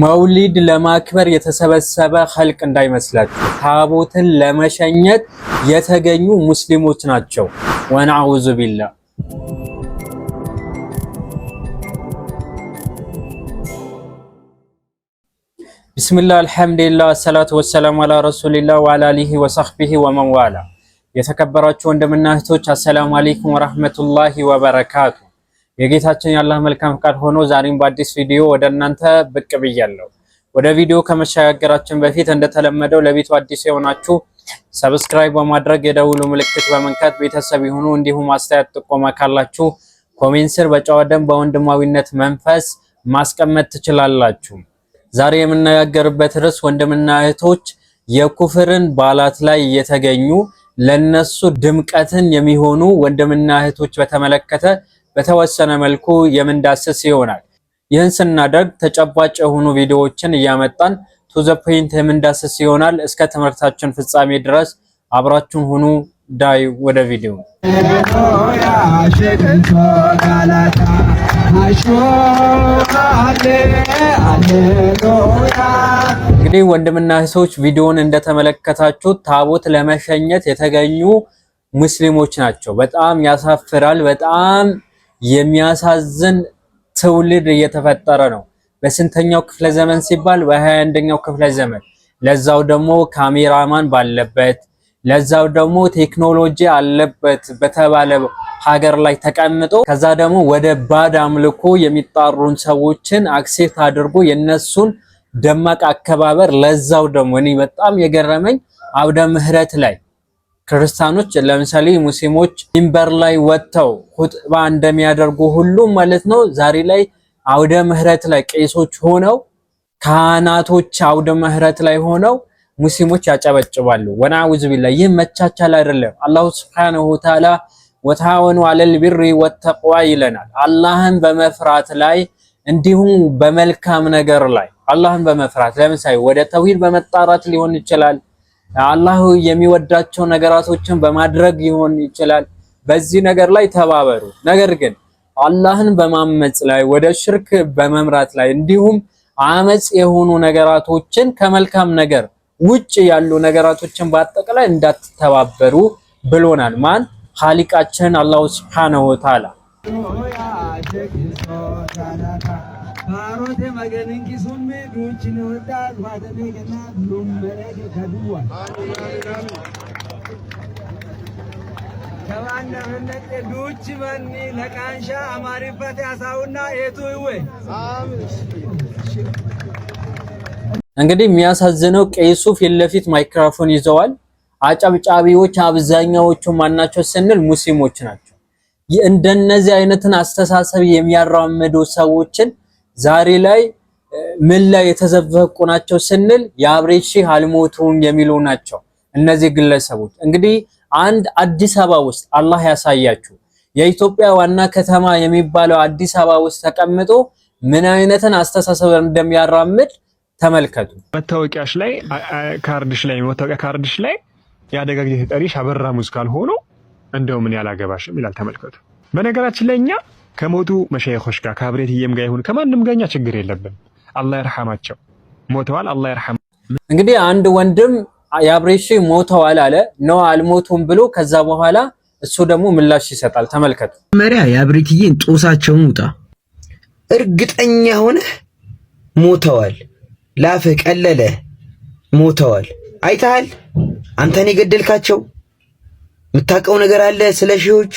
መውሊድ ለማክበር የተሰበሰበ ኸልቅ እንዳይመስላችሁ ታቦትን ለመሸኘት የተገኙ ሙስሊሞች ናቸው። ወነአውዙ ቢላህ ቢስሚላህ አልሐምዱሊላህ አሰላቱ ወሰላም አላ ረሱሊላህ ወአላ አሊሂ ወሰህቢሂ ወመንዋላ። የተከበራችሁ ወንድምና እህቶች አሰላሙ አሌይኩም ወራህመቱላሂ ወበረካቱ። የጌታችን የአላህ መልካም ፍቃድ ሆኖ ዛሬም በአዲስ ቪዲዮ ወደ እናንተ ብቅ ብያለሁ። ወደ ቪዲዮ ከመሸጋገራችን በፊት እንደተለመደው ለቤቱ አዲስ የሆናችሁ ሰብስክራይብ በማድረግ የደውሉ ምልክት በመንካት ቤተሰብ የሆኑ እንዲሁም አስተያየት ጥቆማ ካላችሁ ኮሜንት ስር በጨዋ ደንብ በወንድማዊነት መንፈስ ማስቀመጥ ትችላላችሁ። ዛሬ የምነጋገርበት ርዕስ ወንድምና እህቶች የኩፍርን በዓላት ላይ የተገኙ ለነሱ ድምቀትን የሚሆኑ ወንድምና እህቶች በተመለከተ በተወሰነ መልኩ የምንዳስስ ይሆናል። ይህን ስናደርግ ተጨባጭ የሆኑ ቪዲዮዎችን እያመጣን ቱዘ ፖይንት የምንዳስስ ይሆናል። እስከ ትምህርታችን ፍጻሜ ድረስ አብራችሁን ሁኑ። ዳይ ወደ ቪዲዮ እንግዲህ ወንድምና እህቶች ቪዲዮውን እንደተመለከታችሁ ታቦት ለመሸኘት የተገኙ ሙስሊሞች ናቸው። በጣም ያሳፍራል። በጣም የሚያሳዝን ትውልድ እየተፈጠረ ነው። በስንተኛው ክፍለ ዘመን ሲባል 21 አንደኛው ክፍለ ዘመን ለዛው ደግሞ ካሜራማን ባለበት ለዛው ደግሞ ቴክኖሎጂ አለበት በተባለ ሀገር ላይ ተቀምጦ ከዛ ደግሞ ወደ ባድ አምልኮ የሚጣሩን ሰዎችን አክሴፕት አድርጎ የነሱን ደማቅ አከባበር ለዛው ደግሞ እኔ በጣም የገረመኝ አውደ ምህረት ላይ ክርስቲያኖች ለምሳሌ ሙስሊሞች ሚንበር ላይ ወጥተው ሁጥባ እንደሚያደርጉ ሁሉ ማለት ነው። ዛሬ ላይ አውደ ምህረት ላይ ቄሶች ሆነው ካህናቶች አውደ ምህረት ላይ ሆነው ሙስሊሞች ያጨበጭባሉ። ወናውዝ ቢላ ይህ መቻቻል አይደለም። አላሁ ሱብሓነሁ ወተዓላ ወታወኑ አለል ቢሪ ወተቅዋ ይለናል። አላህን በመፍራት ላይ እንዲሁም በመልካም ነገር ላይ አላህን በመፍራት ለምሳሌ ወደ ተውሂድ በመጣራት ሊሆን ይችላል። አላህ የሚወዳቸው ነገራቶችን በማድረግ ሊሆን ይችላል። በዚህ ነገር ላይ ተባበሩ። ነገር ግን አላህን በማመጽ ላይ ወደ ሽርክ በመምራት ላይ እንዲሁም አመጽ የሆኑ ነገራቶችን ከመልካም ነገር ውጭ ያሉ ነገራቶችን በአጠቃላይ እንዳትተባበሩ ብሎናል። ማን ኻሊቃችን አላሁ ሱብሓነሁ ወተዓላ ዱች ለቃንሻ አማሪበት ያሳውና የቱ እንግዲህ የሚያሳዝነው ቀይሱ ፊት ለፊት ማይክሮፎን ይዘዋል። አጨብጫቢዎች አብዛኛዎቹ ማናቸው ስንል ሙስሊሞች ናቸው። እንደነዚህ አይነትን አስተሳሰብ የሚያራምዱ ሰዎችን ዛሬ ላይ ምን ላይ የተዘፈቁ ናቸው ስንል የአብሬት ሺህ አልሞቱም የሚሉ ናቸው። እነዚህ ግለሰቦች እንግዲህ አንድ አዲስ አበባ ውስጥ አላህ ያሳያችሁ የኢትዮጵያ ዋና ከተማ የሚባለው አዲስ አበባ ውስጥ ተቀምጦ ምን አይነትን አስተሳሰብ እንደሚያራምድ ተመልከቱ። መታወቂያሽ ላይ ካርድሽ ላይ መታወቂያ ካርድሽ ላይ የአደጋ ጊዜ ተጠሪሽ አበራ ሙዝ ካልሆኑ እንደው ምን ያላገባሽም ይላል። ተመልከቱ። በነገራችን ላይ እኛ ከሞቱ መሸይኾች ጋር ከአብሬትዬም ጋር ይሁን ከማንም ጋር እኛ ችግር የለብን። አላህ ይርሐማቸው ሞተዋል። አላህ ይርሐማ። እንግዲህ አንድ ወንድም የአብሬሽ ሞተዋል አለ ነው አልሞቱም ብሎ ከዛ በኋላ እሱ ደግሞ ምላሽ ይሰጣል። ተመልከቱ። መሪያ የአብሬትዬን ጦሳቸውን ውጣ እርግጠኛ ሆነ ሞተዋል ላፍህ ቀለለ ሞተዋል። አይተሃል? አንተን የገደልካቸው የምታውቀው ነገር አለ? ስለ ሺዎች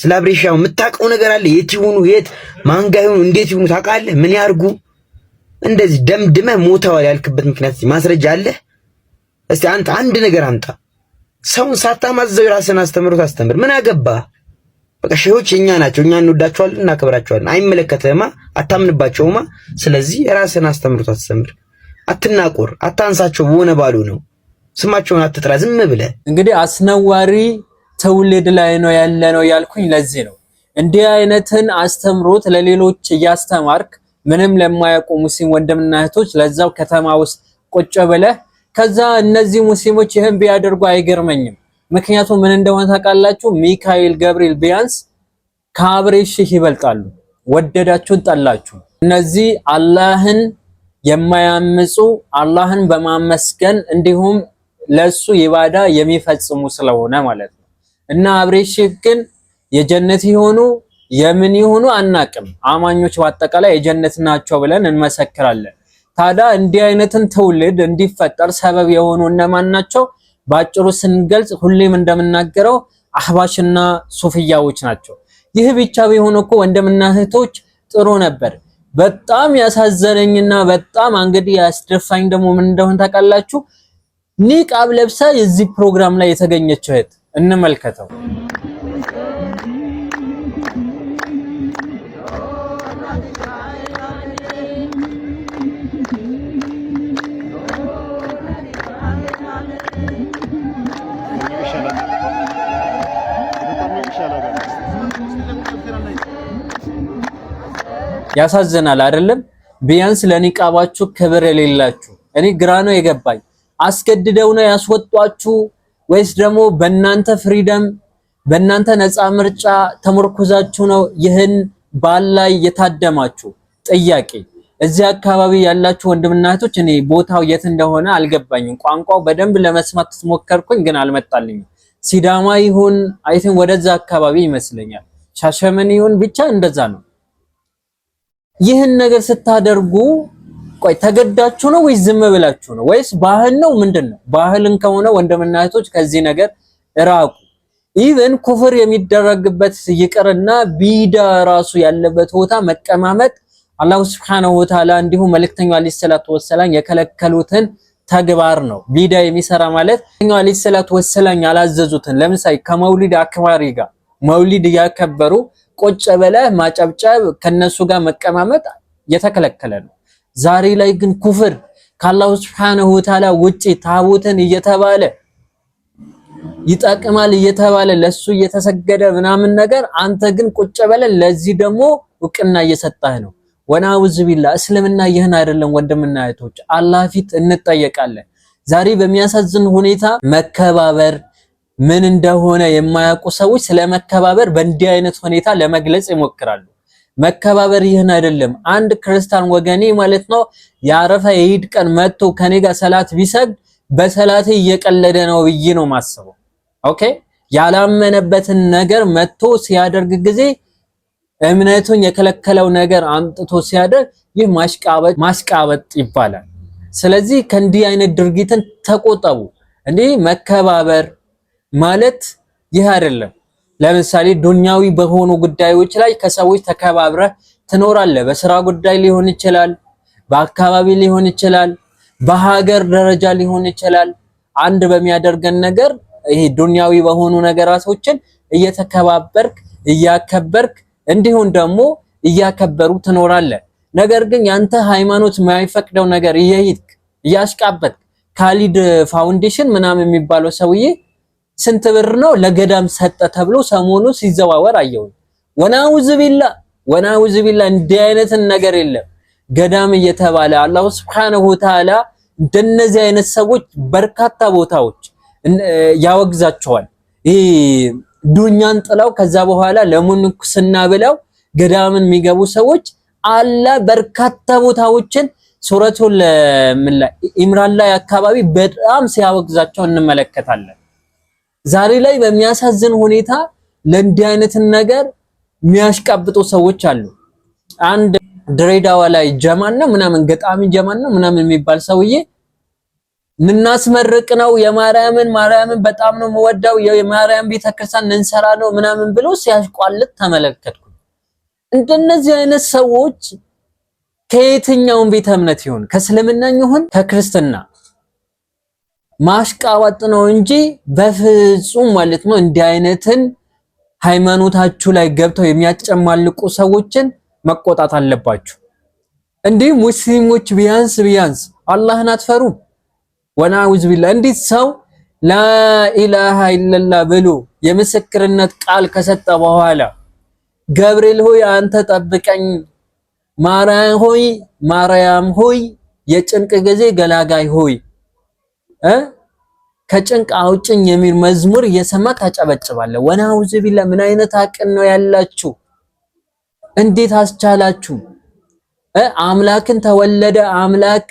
ስለ አብሬሻው የምታውቀው ነገር አለ? የት ይሁኑ የት ማንጋ ይሁኑ እንዴት ይሁኑ ታውቃለህ? ምን ያርጉ? እንደዚህ ደምድመህ ሞተዋል ያልክበት ምክንያት ማስረጃ አለ? እስቲ አንተ አንድ ነገር አምጣ። ሰውን ሳታማዘው የራስን አስተምሮ ታስተምር። ምን አገባ? በቃ ሺዎች እኛ ናቸው፣ እኛ እንወዳቸዋለን፣ እናከብራቸዋለን። አይመለከተማ፣ አታምንባቸውማ። ስለዚህ የራስን አስተምሮ ታስተምር። አትናቆር፣ አታንሳቸው። በሆነ ባሉ ነው ስማቸውን አትጥራ። ዝም ብለ እንግዲህ አስነዋሪ ትውልድ ላይ ነው ያለ ነው ያልኩኝ ለዚህ ነው። እንዲህ አይነትን አስተምሮት ለሌሎች እያስተማርክ ምንም ለማያውቁ ሙስሊም ወንድምና እህቶች ለዛው ከተማ ውስጥ ቁጭ ብለህ ከዛ እነዚህ ሙስሊሞች ይህን ቢያደርጉ አይገርመኝም። ምክንያቱም ምን እንደሆነ ታውቃላችሁ? ሚካኤል ገብርኤል ቢያንስ ከአብሬ ሺህ ይበልጣሉ። ወደዳችሁን ጠላችሁ እነዚህ አላህን የማያምፁ አላህን በማመስገን እንዲሁም ለሱ ኢባዳ የሚፈጽሙ ስለሆነ ማለት ነው። እና አብሬሽ ግን የጀነት ይሆኑ የምን ይሆኑ አናቅም። አማኞች በአጠቃላይ የጀነት ናቸው ብለን እንመሰክራለን። ታዲያ እንዲህ አይነትን ትውልድ እንዲፈጠር ሰበብ የሆኑ እነማን ናቸው? በአጭሩ ስንገልጽ ሁሌም እንደምናገረው አህባሽና ሱፍያዎች ናቸው። ይህ ብቻ ቢሆን እኮ ወንድምና እህቶች ጥሩ ነበር። በጣም ያሳዘነኝና በጣም እንግዲህ ያስደፋኝ ደግሞ ምን እንደሆነ ታውቃላችሁ? ኒቃብ ለብሳ የዚህ ፕሮግራም ላይ የተገኘችው እህት እንመልከተው። ያሳዝናል አይደለም? ቢያንስ ለኒቃባችሁ ክብር የሌላችሁ እኔ ግራ ነው የገባኝ። አስገድደው ነው ያስወጧችሁ ወይስ ደግሞ በእናንተ ፍሪደም በእናንተ ነፃ ምርጫ ተመርኩዛችሁ ነው ይህን ባል ላይ የታደማችሁ? ጥያቄ እዚህ አካባቢ ያላችሁ ወንድምና እህቶች እኔ ቦታው የት እንደሆነ አልገባኝም። ቋንቋው በደንብ ለመስማት ሞከርኩኝ፣ ግን አልመጣልኝም። ሲዳማ ይሁን ቲንክ ወደዛ አካባቢ ይመስለኛል፣ ሻሸመኔ ይሁን ብቻ እንደዛ ነው። ይህን ነገር ስታደርጉ ቆይ ተገዳችሁ ነው ወይስ ዝም ብላችሁ ነው ወይስ ባህል ነው ምንድን ነው? ባህልን ከሆነ ወንድምና እህቶች ከዚህ ነገር ራቁ። ኢቨን ኩፍር የሚደረግበት ይቅርና ቢዳ ራሱ ያለበት ቦታ መቀማመጥ አላሁ ስብሐነሁ ወተዓላ እንዲሁም መልእክተኛው አለይሂ ሰላቱ ወሰላም የከለከሉትን ተግባር ነው። ቢዳ የሚሰራ ማለት መልእክተኛው አለይሂ ሰላቱ ወሰላም ያላዘዙትን ለምሳሌ ከመውሊድ አክባሪ ጋር መውሊድ እያከበሩ ቆጨ ብለህ ማጨብጨብ ከነሱ ጋር መቀማመጥ የተከለከለ ነው። ዛሬ ላይ ግን ኩፍር ከአላሁ ስብሐነሁ ወተዓላ ውጪ ታቦትን እየተባለ ይጠቅማል እየተባለ ለሱ እየተሰገደ ምናምን ነገር አንተ ግን ቁጭ በለ ለዚህ ደግሞ እውቅና እየሰጠህ ነው። ወናውዝ ቢላ እስልምና ይህን አይደለም። ወንድምና እህቶች አላህ ፊት እንጠየቃለን። ዛሬ በሚያሳዝን ሁኔታ መከባበር ምን እንደሆነ የማያውቁ ሰዎች ስለ መከባበር በእንዲህ አይነት ሁኔታ ለመግለጽ ይሞክራሉ። መከባበር ይህን አይደለም። አንድ ክርስቲያን ወገኔ ማለት ነው የአረፋ የዒድ ቀን መጥቶ ከኔ ጋር ሰላት ቢሰግድ በሰላቴ እየቀለደ ነው ብዬ ነው ማስበው። ኦኬ ያላመነበትን ነገር መጥቶ ሲያደርግ ጊዜ እምነቱን የከለከለው ነገር አምጥቶ ሲያደርግ ይህ ማሽቃበጥ ማሽቃበጥ ይባላል። ስለዚህ ከእንዲህ አይነት ድርጊትን ተቆጠቡ። እንዲህ መከባበር ማለት ይህ አይደለም። ለምሳሌ ዱንያዊ በሆኑ ጉዳዮች ላይ ከሰዎች ተከባብረ ትኖራለ በስራ ጉዳይ ሊሆን ይችላል፣ በአካባቢ ሊሆን ይችላል፣ በሀገር ደረጃ ሊሆን ይችላል። አንድ በሚያደርገን ነገር ይሄ ዱንያዊ በሆኑ ነገራቶችን እየተከባበርክ እያከበርክ እንዲሁም ደግሞ እያከበሩ ትኖራለ ነገር ግን ያንተ ሃይማኖት የማይፈቅደው ነገር እየሄድክ እያስቃበጥክ ካሊድ ፋውንዴሽን ምናምን የሚባለው ሰውዬ ስንት ብር ነው ለገዳም ሰጠ ተብሎ ሰሞኑ ሲዘዋወር አየሁኝ። ወናውዝ ቢላ ወናውዝ ቢላ እንዲህ አይነትን ነገር የለም። ገዳም እየተባለ አላሁ ሱብሓነሁ ወተዓላ እንደነዚህ አይነት ሰዎች በርካታ ቦታዎች ያወግዛቸዋል። ይህ ዱኛን ጥለው ከዛ በኋላ ለምንኩስና ብለው ገዳምን የሚገቡ ሰዎች አላ በርካታ ቦታዎችን ሱረቱል ኢምራን ላይ አካባቢ በጣም ሲያወግዛቸው እንመለከታለን። ዛሬ ላይ በሚያሳዝን ሁኔታ ለእንዲህ አይነትን ነገር የሚያሽቃብጡ ሰዎች አሉ። አንድ ድሬዳዋ ላይ ጀማን ነው ምናምን ገጣሚ ጀማን ነው ምናምን የሚባል ሰውዬ ምናስመርቅ ነው የማርያምን ማርያምን በጣም ነው የምወዳው የማርያም ቤተክርስቲያን እንሰራ ነው ምናምን ብሎ ሲያሽቋልጥ ተመለከትኩ። እንደነዚህ አይነት ሰዎች ከየትኛው ቤተ እምነት ይሁን ከእስልምና ይሁን ከክርስትና ማሽቃወጥ ነው እንጂ በፍጹም ማለት ነው እንዲህ አይነትን ሃይማኖታችሁ ላይ ገብተው የሚያጨማልቁ ሰዎችን መቆጣት አለባችሁ። እንዲህ ሙስሊሞች ቢያንስ ቢያንስ አላህን አትፈሩም? ወናውዝ ቢላ እንዲህ ሰው ላኢላሃ ኢለላ ብሎ የምስክርነት ቃል ከሰጠ በኋላ ገብርኤል ሆይ አንተ ጠብቀኝ፣ ማርያም ሆይ ማርያም ሆይ የጭንቅ ጊዜ ገላጋይ ሆይ ከጭንቅ አውጭኝ የሚል መዝሙር እየሰማ ታጨበጭባለ ወናውዝ ቢላ ምን አይነት አቅን ነው ያላችሁ? እንዴት አስቻላችሁ? አምላክን ተወለደ አምላክ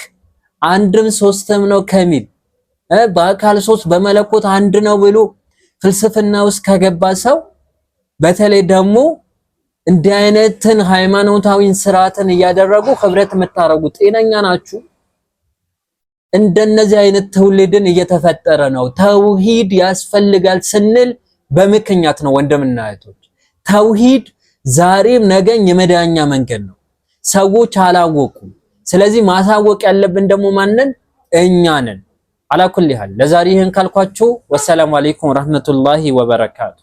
አንድም ሶስትም ነው ከሚል በአካል ሶስት በመለኮት አንድ ነው ብሎ ፍልስፍና ውስጥ ከገባ ሰው በተለይ ደግሞ እንዲህ አይነትን ሃይማኖታዊን ስርዓትን እያደረጉ ህብረት የምታረጉ ጤነኛ ናችሁ? እንደነዚህ አይነት ትውልድን እየተፈጠረ ነው። ተውሂድ ያስፈልጋል ስንል በምክንያት ነው። ወንድምና እህቶች ተውሂድ ዛሬም ነገኝ የመዳኛ መንገድ ነው። ሰዎች አላወቁም። ስለዚህ ማሳወቅ ያለብን ደግሞ ማንን? እኛ ነን። አላኩል ያህል ለዛሬ ይህን ካልኳችሁ፣ ወሰላሙ አለይኩም ወረህመቱላሂ ወበረካቱ።